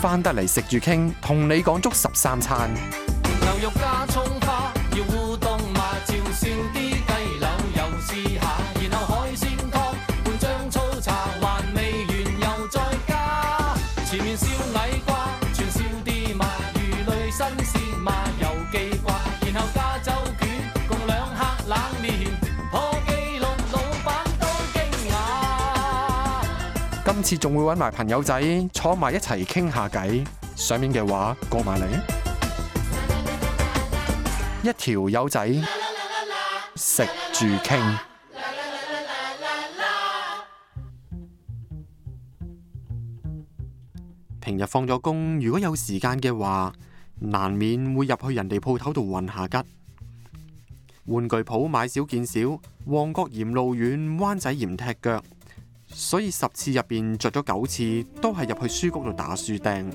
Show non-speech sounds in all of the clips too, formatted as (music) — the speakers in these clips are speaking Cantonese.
翻得嚟食住傾，同你講足十三餐。牛肉加蔥花，要烏冬嘛就算啲雞柳，又試下。今次仲會搵埋朋友仔坐埋一齊傾下偈，上面嘅話過埋嚟，啦啦啦啦啦一條友仔食住傾。平日放咗工，如果有時間嘅話，難免會入去人哋鋪頭度混下吉，玩具鋪買少見少，旺角嫌路遠，灣仔嫌踢腳。所以十次入邊着咗九次，都係入去書局度打書釘。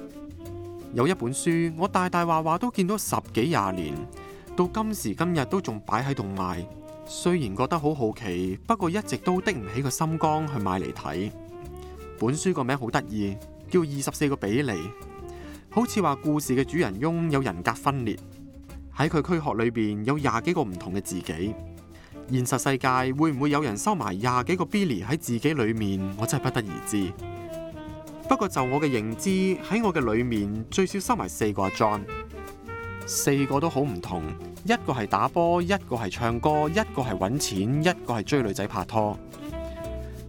有一本書，我大大話話都見到十幾廿年，到今時今日都仲擺喺度賣。雖然覺得好好奇，不過一直都的唔起個心肝去買嚟睇。本書個名好得意，叫《二十四個比利》，好似話故事嘅主人翁有人格分裂，喺佢軀殼裏邊有廿幾個唔同嘅自己。現實世界會唔會有人收埋廿幾個 Billy 喺自己裏面？我真係不得而知。不過就我嘅認知，喺我嘅裏面最少收埋四個 John，四個都好唔同，一個係打波，一個係唱歌，一個係揾錢，一個係追女仔拍拖。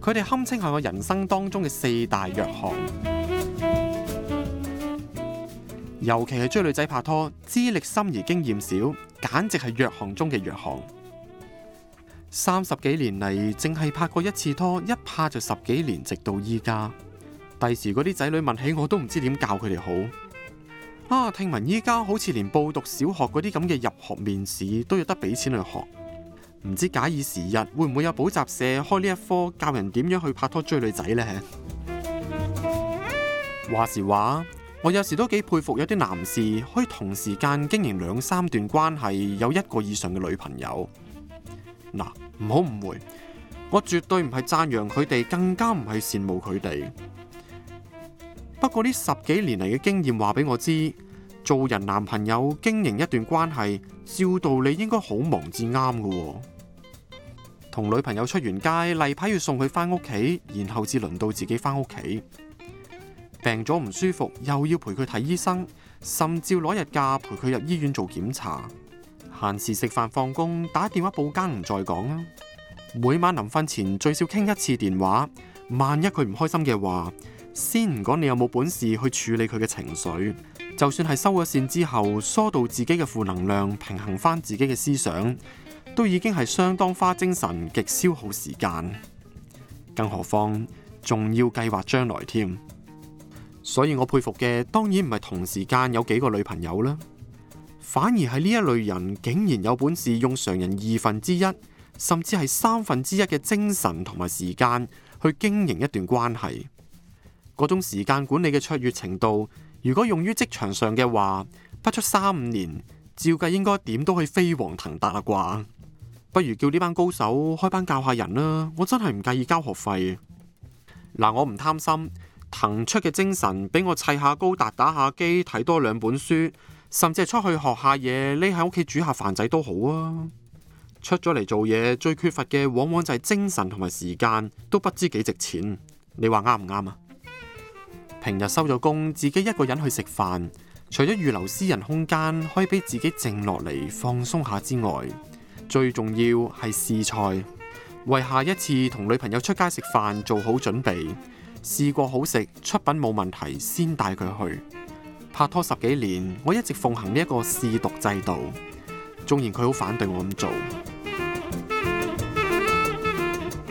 佢哋堪稱係我人生當中嘅四大弱項，尤其係追女仔拍拖，資歷深而經驗少，簡直係弱項中嘅弱項。三十幾年嚟，淨係拍過一次拖，一拍就十幾年，直到依家。第時嗰啲仔女問起，我都唔知點教佢哋好啊。聽聞依家好似連報讀小學嗰啲咁嘅入學面試都有得俾錢去學，唔知假以時日會唔會有補習社開呢一科教人點樣去拍拖追女仔呢？ (laughs) 話時話，我有時都幾佩服有啲男士可以同時間經營兩三段關係，有一個以上嘅女朋友。嗱，唔好誤會，我絕對唔係讚揚佢哋，更加唔係羨慕佢哋。不過呢十幾年嚟嘅經驗話俾我知，做人男朋友經營一段關係，照道理應該好忙至啱㗎。同女朋友出完街，例牌要送佢返屋企，然後至輪到自己返屋企。病咗唔舒服，又要陪佢睇醫生，甚至攞日假陪佢入醫院做檢查。閒時食飯放工，打電話報更唔再講啦。每晚臨瞓前最少傾一次電話，萬一佢唔開心嘅話，先唔講你有冇本事去處理佢嘅情緒。就算係收咗線之後，疏導自己嘅負能量，平衡翻自己嘅思想，都已經係相當花精神，極消耗時間。更何況仲要計劃將來添，所以我佩服嘅當然唔係同時間有幾個女朋友啦。反而係呢一類人，竟然有本事用常人二分之一甚至係三分之一嘅精神同埋時間去經營一段關係。嗰種時間管理嘅卓越程度，如果用於職場上嘅話，不出三五年，照計應該點都可以飛黃騰達啦啩。不如叫呢班高手開班教下人啦，我真係唔介意交學費。嗱，我唔貪心，騰出嘅精神俾我砌下高達，打下機，睇多兩本書。甚至係出去學下嘢，匿喺屋企煮下飯仔都好啊！出咗嚟做嘢，最缺乏嘅往往就係精神同埋時間，都不知幾值錢。你話啱唔啱啊？平日收咗工，自己一個人去食飯，除咗預留私人空間，可以俾自己靜落嚟放鬆下之外，最重要係試菜，為下一次同女朋友出街食飯做好準備。試過好食，出品冇問題，先帶佢去。拍拖十幾年，我一直奉行呢一個試毒制度，縱然佢好反對我咁做。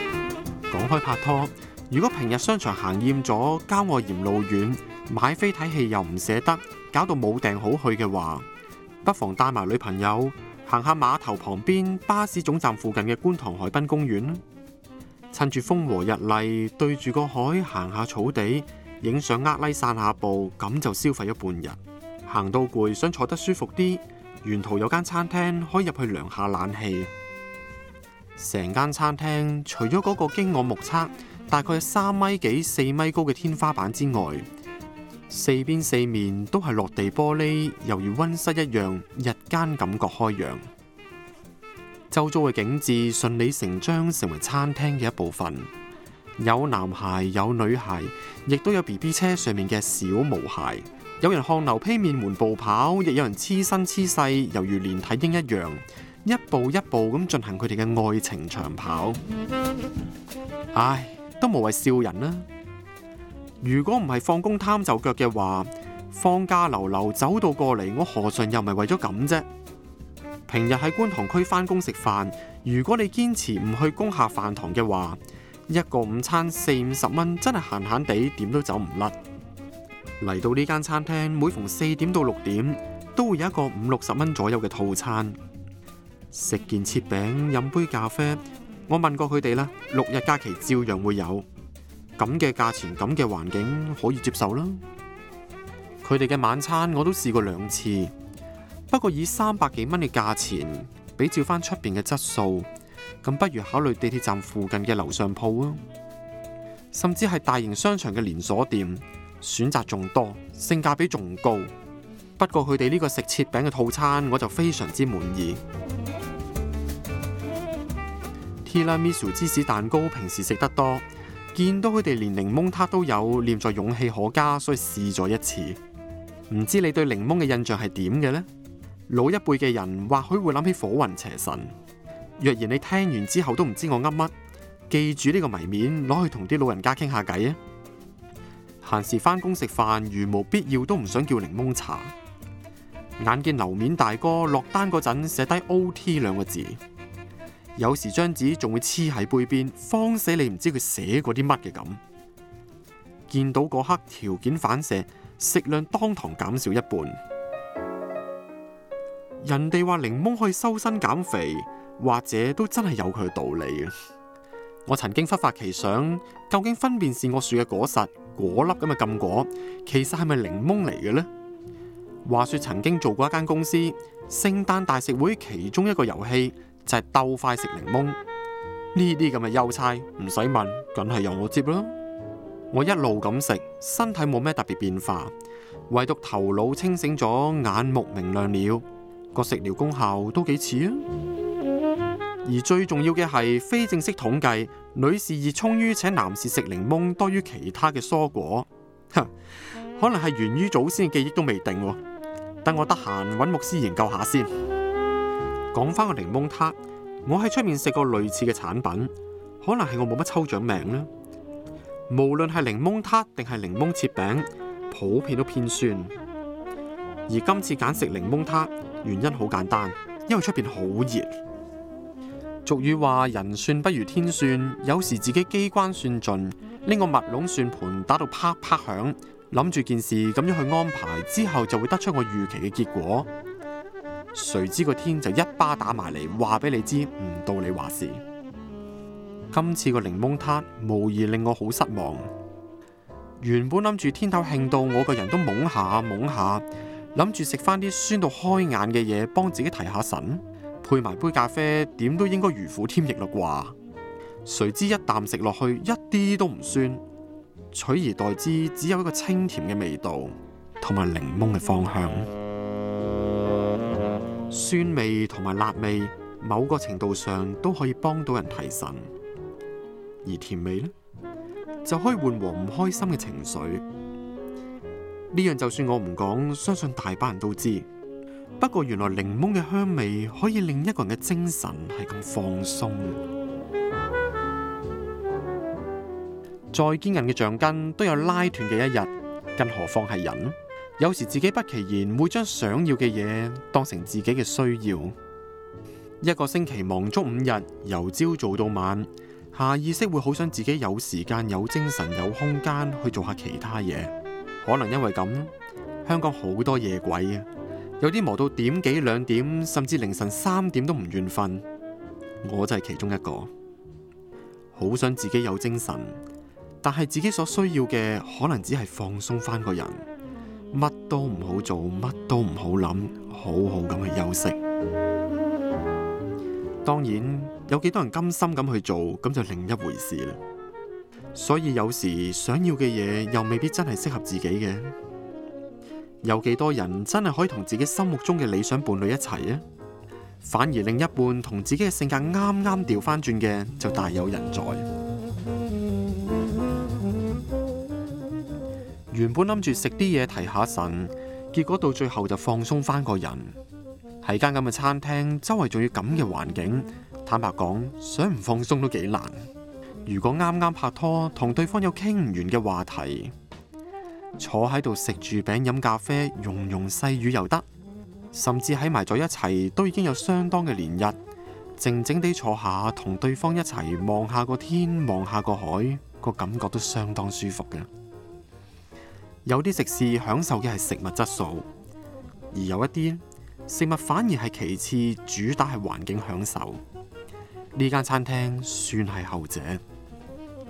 (music) 講開拍拖，如果平日商場行厭咗，郊外嫌路遠，買飛睇戲又唔捨得，搞到冇訂好去嘅話，不妨帶埋女朋友行下碼頭旁邊巴士總站附近嘅觀塘海濱公園，趁住風和日麗，對住個海行下草地。影相呃，拉散下步，咁就消費咗半日。行到攰，想坐得舒服啲，沿途有間餐廳可以入去涼下冷氣。成間餐廳除咗嗰個經我目測大概三米幾、四米高嘅天花板之外，四邊四面都係落地玻璃，猶如溫室一樣，日間感覺開揚。周遭嘅景致順理成章成為餐廳嘅一部分。有男孩有女孩，亦都有 B B 車上面嘅小毛孩。有人汗流披面緩步跑，亦有人黐身黐細，猶如連體嬰一樣，一步一步咁進行佢哋嘅愛情長跑。唉，都無謂笑人啦。如果唔係放工貪就腳嘅話，放假流流走到過嚟，我何嘗又唔係為咗咁啫。平日喺觀塘區返工食飯，如果你堅持唔去工下飯堂嘅話，一個午餐四五十蚊真係閒閒地，點都走唔甩。嚟到呢間餐廳，每逢四點到六點，都會有一個五六十蚊左右嘅套餐。食件切餅，飲杯咖啡。我問過佢哋啦，六日假期照樣會有，咁嘅價錢，咁嘅環境可以接受啦。佢哋嘅晚餐我都試過兩次，不過以三百幾蚊嘅價錢，比照翻出邊嘅質素。咁不如考慮地鐵站附近嘅樓上鋪啊，甚至係大型商場嘅連鎖店，選擇仲多，性價比仲高。不過佢哋呢個食切餅嘅套餐，我就非常之滿意。提拉米蘇 (music) 芝士蛋糕平時食得多，見到佢哋連檸檬塔都有，念在勇氣可嘉，所以試咗一次。唔知你對檸檬嘅印象係點嘅呢？老一輩嘅人或許會諗起火雲邪神。若然你聽完之後都唔知我噏乜，記住呢個謎面攞去同啲老人家傾下偈啊。閒時返工食飯，如無必要都唔想叫檸檬茶。眼見樓面大哥落單嗰陣寫低 OT 兩個字，有時張紙仲會黐喺背邊，慌死你唔知佢寫過啲乜嘅咁。見到嗰刻條件反射，食量當堂減少一半。人哋話檸檬可以修身減肥。或者都真係有佢道理嘅。我曾經忽發奇想，究竟分辨善惡樹嘅果實果粒咁嘅禁果，其實係咪檸檬嚟嘅呢？話說曾經做過一間公司，聖誕大食會其中一個遊戲就係、是、鬥快食檸檬。呢啲咁嘅優差唔使問，梗係由我接啦。我一路咁食，身體冇咩特別變化，唯獨頭腦清醒咗，眼目明亮了，個食療功效都幾似啊！而最重要嘅係，非正式統計，女士熱衷於請男士食檸檬多於其他嘅蔬果，可能係源於祖先嘅記憶都未定。等我得閒揾牧師研究下先。講返個檸檬撻，我喺出面食過類似嘅產品，可能係我冇乜抽獎名啦。無論係檸檬撻定係檸檬切餅，普遍都偏酸。而今次揀食檸檬撻，原因好簡單，因為出邊好熱。俗語話人算不如天算，有時自己機關算盡，拎個密籠算盤打到啪啪響，諗住件事咁樣去安排，之後就會得出我預期嘅結果。誰知個天就一巴打埋嚟，話俾你知，唔到你話事。今次個檸檬撻無疑令我好失望。原本諗住天頭慶到我個人都懵下懵下，諗住食翻啲酸到開眼嘅嘢，幫自己提下神。配埋杯咖啡，點都應該如虎添翼嘞啩！誰知一啖食落去，一啲都唔酸，取而代之只有一個清甜嘅味道，同埋檸檬嘅芳香。 (noise) 酸味同埋辣味，某個程度上都可以幫到人提神，而甜味呢，就可以緩和唔開心嘅情緒。呢樣就算我唔講，相信大把人都知。不過原來檸檬嘅香味可以令一個人嘅精神係咁放鬆。再堅韌嘅橡筋都有拉斷嘅一日，更何況係人。有時自己不其然會將想要嘅嘢當成自己嘅需要。一個星期忙足五日，由朝做到晚，下意識會好想自己有時間、有精神、有空間去做下其他嘢。可能因為咁，香港好多夜鬼啊！有啲磨到點幾兩點，甚至凌晨三點都唔願瞓，我就係其中一個。好想自己有精神，但係自己所需要嘅可能只係放鬆翻個人，乜都唔好做，乜都唔好諗，好好咁去休息。當然，有幾多人甘心咁去做，咁就另一回事啦。所以有時想要嘅嘢又未必真係適合自己嘅。有幾多人真係可以同自己心目中嘅理想伴侶一齊呢？反而另一半同自己嘅性格啱啱調翻轉嘅就大有人在。原本諗住食啲嘢提下神，結果到最後就放鬆翻個人。喺間咁嘅餐廳，周圍仲要咁嘅環境，坦白講，想唔放鬆都幾難。如果啱啱拍拖，同對方有傾唔完嘅話題。坐喺度食住餅飲咖啡，融融細語又得，甚至喺埋咗一齊都已經有相當嘅連日，靜靜地坐下同對方一齊望下個天，望下個海，個感覺都相當舒服嘅。有啲食肆享受嘅係食物質素，而有一啲食物反而係其次，主打係環境享受。呢間餐廳算係後者。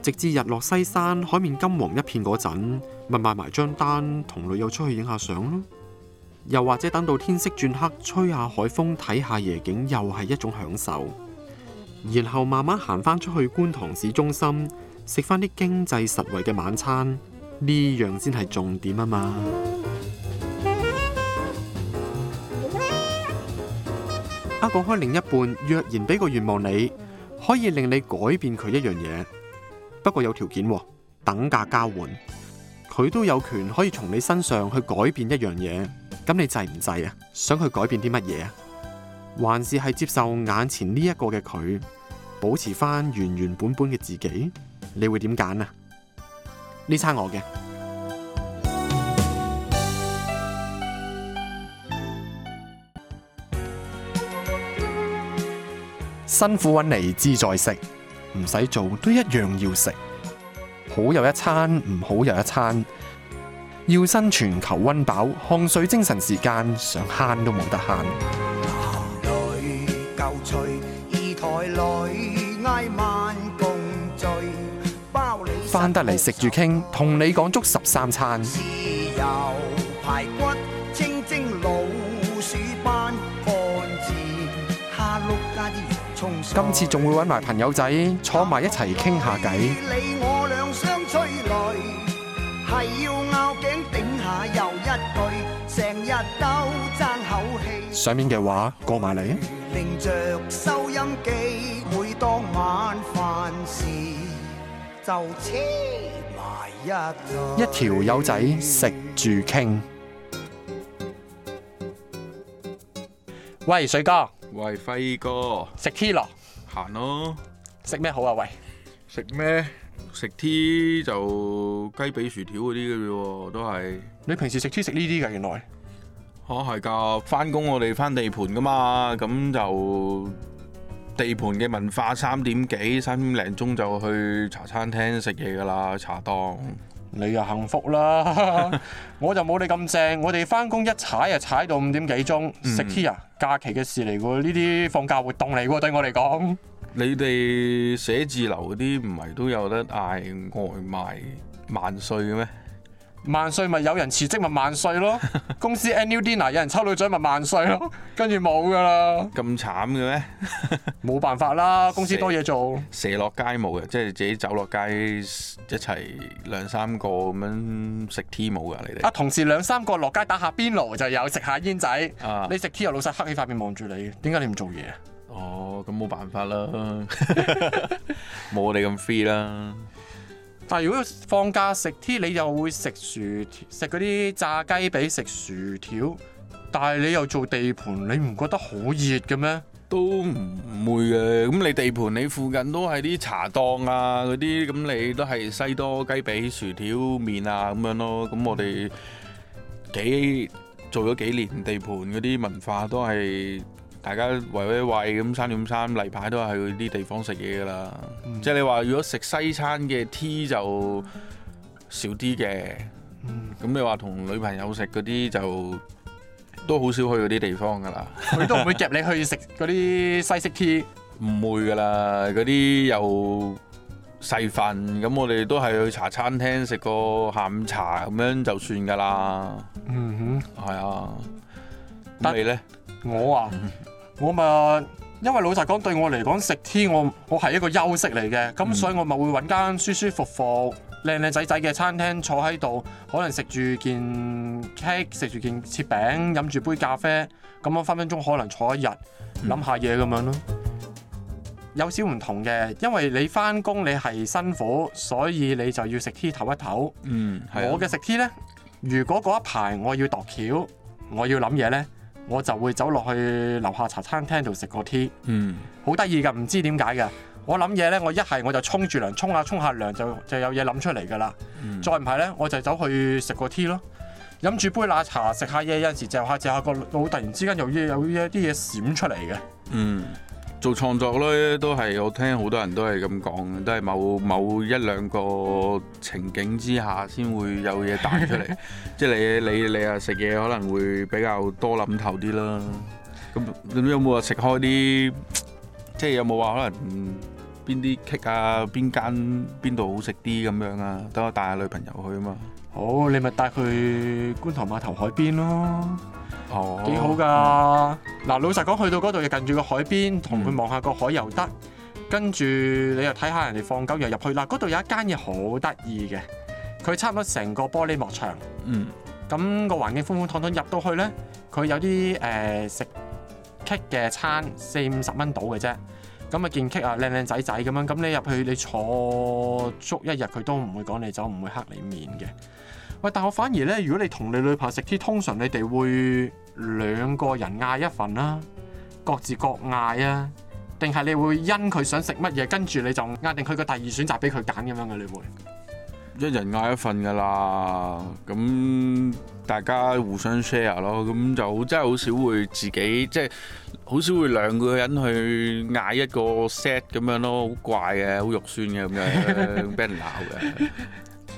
直至日落西山，海面金黃一片嗰陣，咪買埋張單，同女友出去影下相咯。又或者等到天色轉黑，吹下海風，睇下夜景，又係一種享受。然後慢慢行返出去觀塘市中心，食返啲經濟實惠嘅晚餐，呢樣先係重點啊嘛。啊，講開另一半，若然俾個願望你，可以令你改變佢一樣嘢。不過有條件喎，等價交換，佢都有權可以從你身上去改變一樣嘢。咁你制唔制啊？想去改變啲乜嘢啊？還是係接受眼前呢一個嘅佢，保持翻原原本本嘅自己？你會點揀啊？呢餐我嘅，辛苦揾嚟，自在食。唔使做都一樣要食，好又一餐，唔好又一餐，要生存求溫飽，汗水精神時間，想慳都冇得慳。翻得嚟食住傾，同你講足十三餐。今次仲會揾埋朋友仔坐埋一齊傾下偈。上面嘅話過埋嚟。一條友仔食住傾。喂，水哥。喂，輝哥。食 kilo。行咯，食咩？啊、好啊？喂，食咩？食 tea 就雞髀薯條嗰啲嘅啫，都係。你平時食 tea 食呢啲㗎，原來。哦、啊，係㗎，返工我哋返地盤㗎嘛，咁就地盤嘅文化，三點幾、三點零鐘就去茶餐廳食嘢㗎啦，茶檔。你又幸福啦， (laughs) 我就冇你咁正。我哋翻工一踩啊，踩到五點幾鐘食 tea 啊，假期嘅事嚟喎，呢啲放假活動嚟喎，對我嚟講。你哋寫字樓嗰啲唔係都有得嗌外賣萬歲嘅咩？萬歲咪有人辭職咪萬歲咯，公司 annual dinner 有人抽女仔咪萬歲咯，跟住冇噶啦。咁慘嘅咩？冇 (laughs) 辦法啦，公司多嘢做。蛇落街冇嘅，即係自己走落街一齊兩三個咁樣食 tea 冇嘅你哋。啊，同時兩三個落街打下邊爐就有食下煙仔。啊，你食 tea 又老細黑起塊面望住你，點解你唔做嘢，啊？哦，咁冇辦法啦，冇 (laughs) (laughs) 我哋咁 free 啦。但係如果放假食添，你又會食薯食嗰啲炸雞髀食薯條，但係你又做地盤，你唔覺得好熱嘅咩？都唔會嘅。咁你地盤你附近都係啲茶檔啊嗰啲，咁你都係西多雞髀薯條麵啊咁樣咯。咁我哋幾做咗幾年地盤嗰啲文化都係。大家圍威喂咁三點三例牌都係去啲地方食嘢噶啦，即係你話如果食西餐嘅 tea 就少啲嘅，咁你話同女朋友食嗰啲就都好少去嗰啲地方噶啦，佢都唔會夾你去食嗰啲西式 tea 唔會噶啦，嗰啲又細份，咁我哋都係去茶餐廳食個下午茶咁樣就算噶啦，嗯哼，係啊，咁你咧？我啊～我咪，因為老實講對我嚟講食 tea 我我係一個休息嚟嘅，咁所以我咪會揾間舒舒服服、靚靚仔仔嘅餐廳坐喺度，可能食住件 cake，食住件切餅，飲住杯咖啡，咁我分分鐘可能坐一日，諗下嘢咁樣咯。有少唔同嘅，因為你翻工你係辛苦，所以你就要食 tea 唞一唞。嗯，我嘅食 tea 呢，如果嗰一排我要度橋，我要諗嘢呢。我就會走落去樓下茶餐廳度食個 tea，嗯、mm，好、hmm。得意㗎，唔知點解㗎。我諗嘢呢，我一係我就沖住涼，沖下沖下涼就就有嘢諗出嚟㗎啦。Mm hmm。再唔係呢，我就走去食個 tea 咯，飲住杯奶茶，食下嘢有陣時嚼下嚼下個腦，突然之間又有有啲嘢閃出嚟嘅。嗯、mm。Hmm. 做創作咧，都係我聽好多人都係咁講，都係某某一兩個情景之下先會有嘢帶出嚟。 (laughs) 即係你你你啊食嘢可能會比較多諗頭啲啦。咁咁有冇話食開啲？即係有冇話可能邊啲 cake 啊？邊間邊度好食啲咁樣啊？等我帶下女朋友去啊嘛。好，你咪帶佢去觀塘碼頭海邊咯。幾、哦、好㗎！嗱、嗯，老實講，去到嗰度又近住個海邊，同佢望下個海又得。嗯、跟住你又睇下人哋放狗，又入去啦。嗰度有一間嘢好得意嘅，佢差唔多成個玻璃幕牆。嗯。咁個環境寬寬闊闊，入到去咧，佢有啲誒、呃、食 cake 嘅餐，四五十蚊到嘅啫。咁啊，件 cake 啊，靚靚仔仔咁樣。咁你入去，你坐足一日，佢都唔會趕你走，唔會黑你面嘅。喂，但係我反而咧，如果你同你女朋友食啲，通常你哋會兩個人嗌一份啦，各自各嗌啊，定係你會因佢想食乜嘢，跟住你就嗌定佢個第二選擇俾佢揀咁樣嘅，你會一人嗌一份㗎啦。咁大家互相 share 咯，咁就真係好少會自己即係好少會兩個人去嗌一個 set 咁樣咯，好怪嘅，好肉酸嘅咁樣，俾人鬧嘅。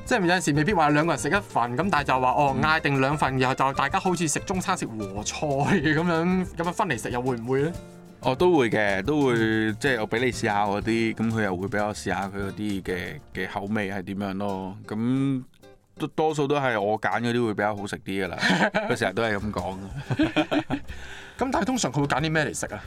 即係有陣時未必話兩個人食一份咁，但係就話哦嗌定兩份，然後就大家好似食中餐食和菜嘅咁樣，咁樣分嚟食又會唔會咧？哦，都會嘅，都會即係我俾你試下嗰啲，咁佢又會俾我試下佢嗰啲嘅嘅口味係點樣咯。咁都多，多數都係我揀嗰啲會比較好食啲噶啦。佢成日都係咁講嘅。咁 (laughs) (laughs) 但係通常佢會揀啲咩嚟食啊？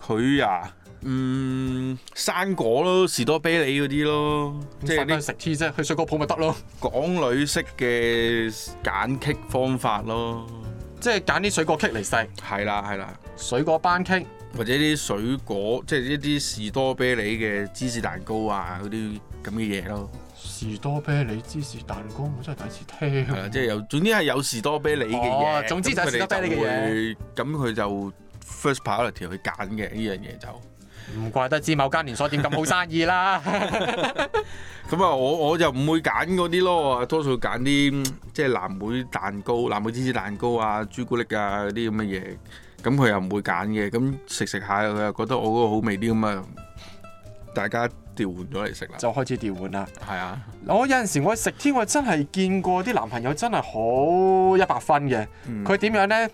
佢啊～嗯，生果咯，士多啤梨嗰啲咯，即係食芝啫，去，天啊、去水果鋪咪得咯。港女式嘅揀棘方法咯， (laughs) 即係揀啲水果棘嚟食。係啦，係啦，水果班棘，或者啲水果，即係一啲士多啤梨嘅芝士蛋糕啊，嗰啲咁嘅嘢咯。士多啤梨芝士蛋糕，我真係第一次聽。係啊，即係有，總之係有士多啤梨嘅嘢，哦。總之就係士多啤梨嘅嘢。咁佢就 first priority 去揀嘅呢樣嘢就。唔怪得知某間連鎖店咁好生意啦。咁啊，我我就唔會揀嗰啲咯，多數揀啲即係藍莓蛋糕、藍莓芝士蛋糕啊、朱古力啊啲咁嘅嘢。咁佢又唔會揀嘅。咁食食下，佢又覺得我嗰個好味啲咁啊。大家調換咗嚟食啦，就開始調換啦。係啊，我有陣時我食天，我真係見過啲男朋友真係好一百分嘅。佢點、嗯、樣咧？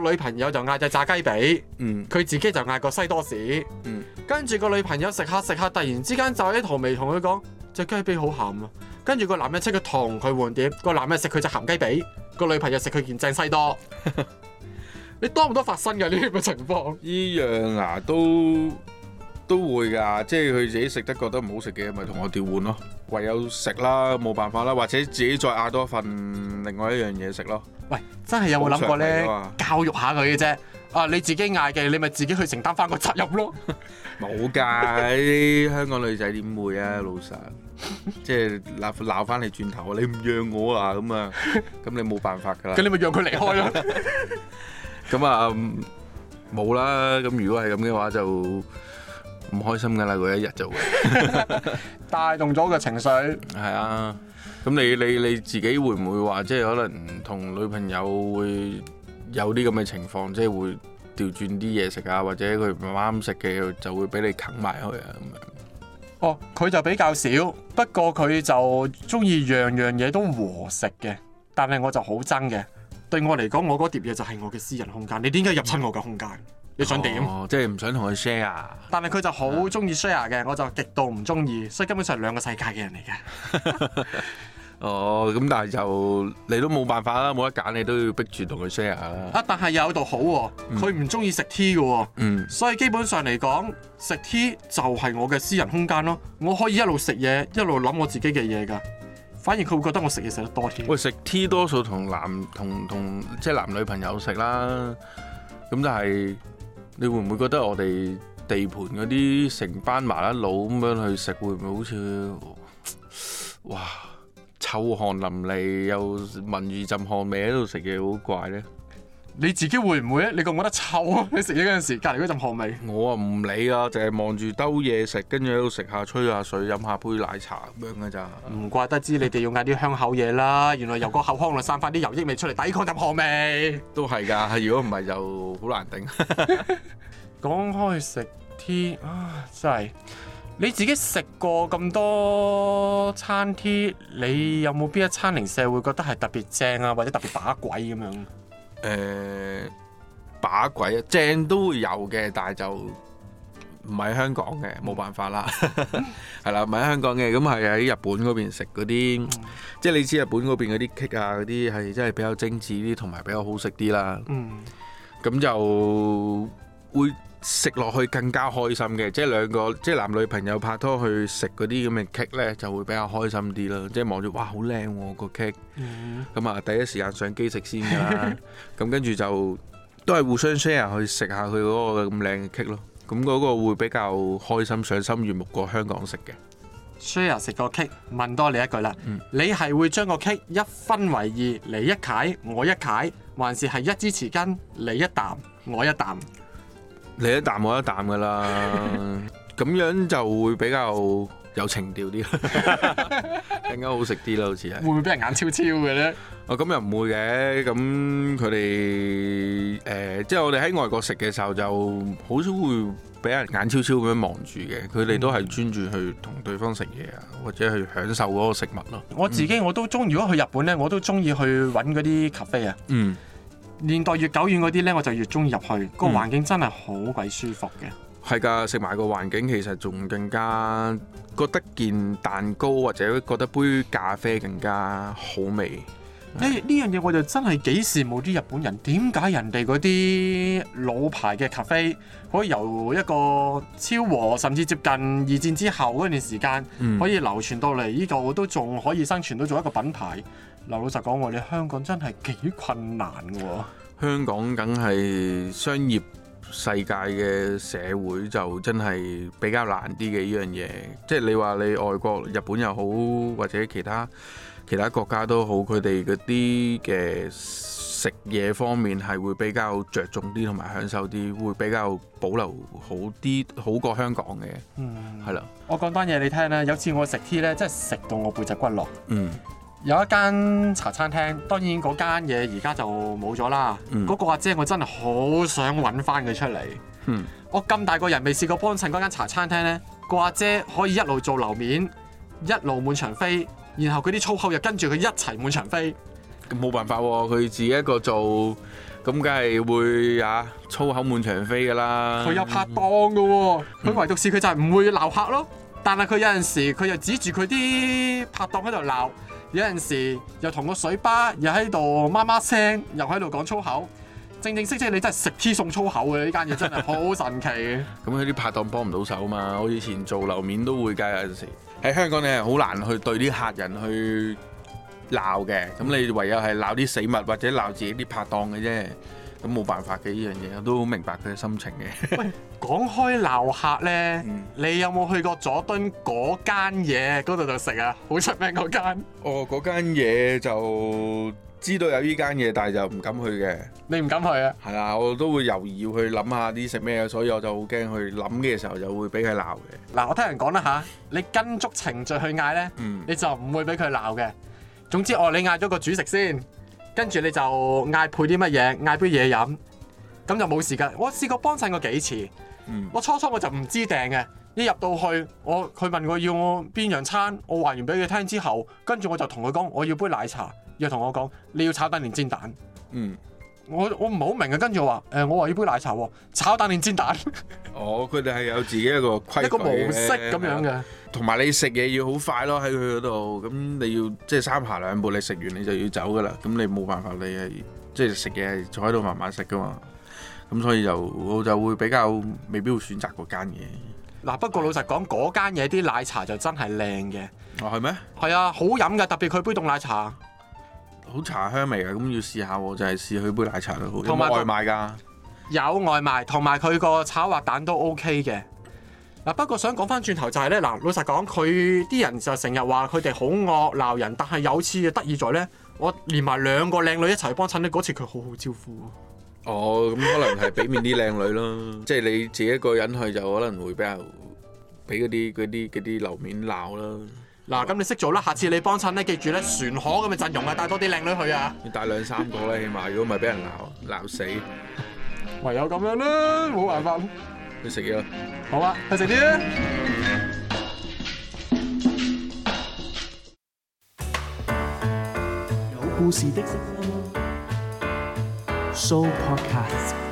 個女朋友就嗌隻炸雞髀，佢、嗯、自己就嗌個西多士，跟住個女朋友食下食下，突然之間就喺度微同佢講，隻雞髀好鹹啊！跟住個男人出去同佢換碟，個男人食佢隻鹹雞髀，個女朋友食佢件正西多， (laughs) 你多唔多發生㗎呢啲咁嘅情況？呢樣牙、啊、都。都會㗎，即係佢自己食得覺得唔好食嘅，咪同我調換咯。唯有食啦，冇辦法啦，或者自己再嗌多份另外一樣嘢食咯。喂，真係有冇諗過咧？教育下佢嘅啫。啊，你自己嗌嘅，你咪自己去承擔翻個責任咯。冇㗎，啲香港女仔點會啊？老實，即係鬧鬧翻你轉頭，你唔讓我啊，咁啊，咁你冇辦法㗎啦。咁你咪讓佢離開咯。咁啊，冇啦。咁如果係咁嘅話，就。咁開心㗎啦，嗰一日就會帶 (laughs) 動咗個情緒。係啊，咁你你你自己會唔會話，即係可能同女朋友會有啲咁嘅情況，即係會調轉啲嘢食啊，或者佢唔啱食嘅就會俾你啃埋去啊咁樣。哦，佢就比較少，不過佢就中意樣樣嘢都和食嘅，但係我就好憎嘅。對我嚟講，我嗰碟嘢就係我嘅私人空間，你點解入侵我嘅空間？嗯。你想點，哦？即係唔想同佢 share 但係佢就好中意 share 嘅，我就極度唔中意，所以根本上係兩個世界嘅人嚟嘅。哦，咁但係就你都冇辦法啦，冇得揀，你都要逼住同佢 share 啦。啊！但係有一度好喎，佢唔中意食 T 嘅喎。嗯。所以基本上嚟講，食 T 就係我嘅私人空間咯，啊。我可以一路食嘢，一路諗我自己嘅嘢㗎。反而佢會覺得我食嘢食得多啲。喂，食 T 多數同男同同即係男女朋友食啦，啊。咁就係，是。你會唔會覺得我哋地盤嗰啲成班麻甩佬咁樣去食，會唔會好似哇，臭汗淋漓又聞住陣汗味喺度食嘢，好怪呢？你自己會唔會咧？你覺唔覺得臭啊？你食嘢嗰陣時，隔離嗰陣汗味。我啊唔理啊，淨係望住兜嘢食，跟住喺度食下、吹下水、飲下杯奶茶咁樣噶咋。唔怪得知你哋要嗌啲香口嘢啦。原來由個口腔度散翻啲油煙味出嚟，抵抗陣汗味。都係㗎，如果唔係就好難頂。 (laughs) (laughs) 講開食添啊，真係你自己食過咁多餐，T 你有冇邊一餐零舍會覺得係特別正啊，或者特別把鬼咁樣？誒、呃、把鬼啊，正都會有嘅，但係就唔喺香港嘅，冇辦法啦。係 (laughs) 啦，唔喺香港嘅，咁係喺日本嗰邊食嗰啲，嗯、即係你知日本嗰邊嗰啲 cake 啊，嗰啲係真係比較精緻啲，同埋比較好食啲啦。咁、嗯、就會。食落去更加開心嘅，即係兩個即係男女朋友拍拖去食嗰啲咁嘅 cake 呢，就會比較開心啲啦。即係望住哇，好靚喎個 cake，咁啊，第一時間上機食先㗎。咁跟住就都係互相 share 去食下佢嗰個咁靚嘅 cake 咯。咁嗰個會比較開心、賞心悅目過香港食嘅。share 食個 cake，問多你一句啦，你係會將個 cake 一分為二，你一攋我一攋，還是係一支匙羹你一啖我一啖？你一啖我一啖噶啦，咁 (laughs) 樣就會比較有情調啲， (laughs) 更加好食啲啦，好似係會唔會俾人眼超超嘅咧？啊、 (laughs) 哦，咁又唔會嘅，咁佢哋誒，即係我哋喺外國食嘅時候，就好少會俾人眼超超咁樣望住嘅。佢哋都係專注去同對方食嘢啊，或者去享受嗰個食物咯。我自己我都中，嗯、如果去日本咧，我都中意去揾嗰啲 cafe 啊。嗯。年代越久遠嗰啲呢，我就越中意入去。個環境真係好鬼舒服嘅。係㗎、嗯，食埋個環境，其實仲更加覺得件蛋糕或者覺得杯咖啡更加好味。呢呢、欸、樣嘢我就真係幾羨慕啲日本人，點解人哋嗰啲老牌嘅咖啡可以由一個昭和甚至接近二戰之後嗰段時間，嗯、可以流傳到嚟呢度，這個、都仲可以生存到做一個品牌。嗱，老實講話，你香港真係幾困難嘅喎。香港梗係商業世界嘅社會就真係比較難啲嘅呢樣嘢。即係你話你外國、日本又好，或者其他其他國家都好，佢哋嗰啲嘅食嘢方面係會比較着重啲，同埋享受啲，會比較保留好啲，好過香港嘅。嗯，係啦了。我講單嘢你聽啦。有次我食 tea 咧，真係食到我背脊骨落。嗯。有一間茶餐廳，當然嗰間嘢而家就冇咗啦。嗰、嗯、個阿姐，我真係好想揾翻佢出嚟。嗯、我咁大個人未試過幫襯嗰間茶餐廳咧，嗰個阿姐可以一路做樓面，一路滿場飛，然後佢啲粗口又跟住佢一齊滿場飛。冇辦法喎、啊，佢自己一個做，咁梗係會啊粗口滿場飛噶啦。佢有拍檔噶喎、啊，佢、嗯、唯獨是佢就係唔會鬧客咯，但係佢有陣時佢又指住佢啲拍檔喺度鬧。有陣時又同個水吧，又喺度媽媽聲，又喺度講粗口，正正式式，你真係食黐送粗口嘅呢間嘢真係好神奇。 (laughs) 咁佢啲拍檔幫唔到手嘛？我以前做樓面都會㗎。有陣時喺香港你係好難去對啲客人去鬧嘅，咁你唯有係鬧啲死物或者鬧自己啲拍檔嘅啫。咁冇辦法嘅呢樣嘢，我都好明白佢嘅心情嘅。喂，講開鬧客咧，你有冇去過佐敦嗰間嘢嗰度度食啊？好出名嗰間。哦，嗰間嘢就知道有依間嘢，但係就唔敢去嘅。你唔敢去啊？係啦，我都會猶豫去諗下啲食咩，所以我就好驚去諗嘅時候就會俾佢鬧嘅。嗱，我聽人講啦嚇，你跟足程序去嗌咧，你就唔會俾佢鬧嘅。總之，我你嗌咗個主食先。跟住你就嗌配啲乜嘢，嗌杯嘢飲，咁就冇時間。我試過幫襯過幾次，嗯、我初初我就唔知訂嘅。一入到去，我佢問我要我邊樣餐，我話完俾佢聽之後，跟住我就同佢講我要杯奶茶，又同我講你要炒蛋連煎蛋。嗯，我我唔好明啊。跟住我話、欸，我話要杯奶茶喎，炒蛋連煎蛋。 (laughs) 哦，佢哋係有自己一個規一個模式咁樣嘅。啊。同埋你食嘢要好快咯，喺佢嗰度，咁你要即係三下兩步，你食完你就要走噶啦。咁你冇辦法，你係即係食嘢係坐喺度慢慢食噶嘛。咁所以就我就會比較未必會選擇嗰間嘢。嗱，啊，不過老實講，嗰是間嘢啲奶茶就真係靚嘅。啊，係咩？係啊，好飲噶，特別佢杯凍奶茶，好茶香味呀，咁要試下，就係試佢杯奶茶好同埋有外賣㗎？有外賣，同埋佢個炒滑蛋都 OK 嘅。嗱，不過想講翻轉頭就係咧，嗱，老實講，佢啲人就成日話佢哋好惡鬧人，但係有次就得意在咧，我連埋兩個靚女一齊幫襯咧，嗰次佢好好招呼喎。哦，咁可能係俾面啲靚女咯，即係你自己一個人去就可能會比較俾嗰啲嗰啲嗰啲樓面鬧啦。嗱，咁你識做啦，下次你幫襯咧，記住咧，船河咁嘅陣容啊，帶多啲靚女去啊。你帶兩三個咧，起碼如果唔係俾人鬧鬧死，唯有咁樣啦，冇辦法。去食嘢，好啊，去食啲啦。有故事的食物。Show Podcast.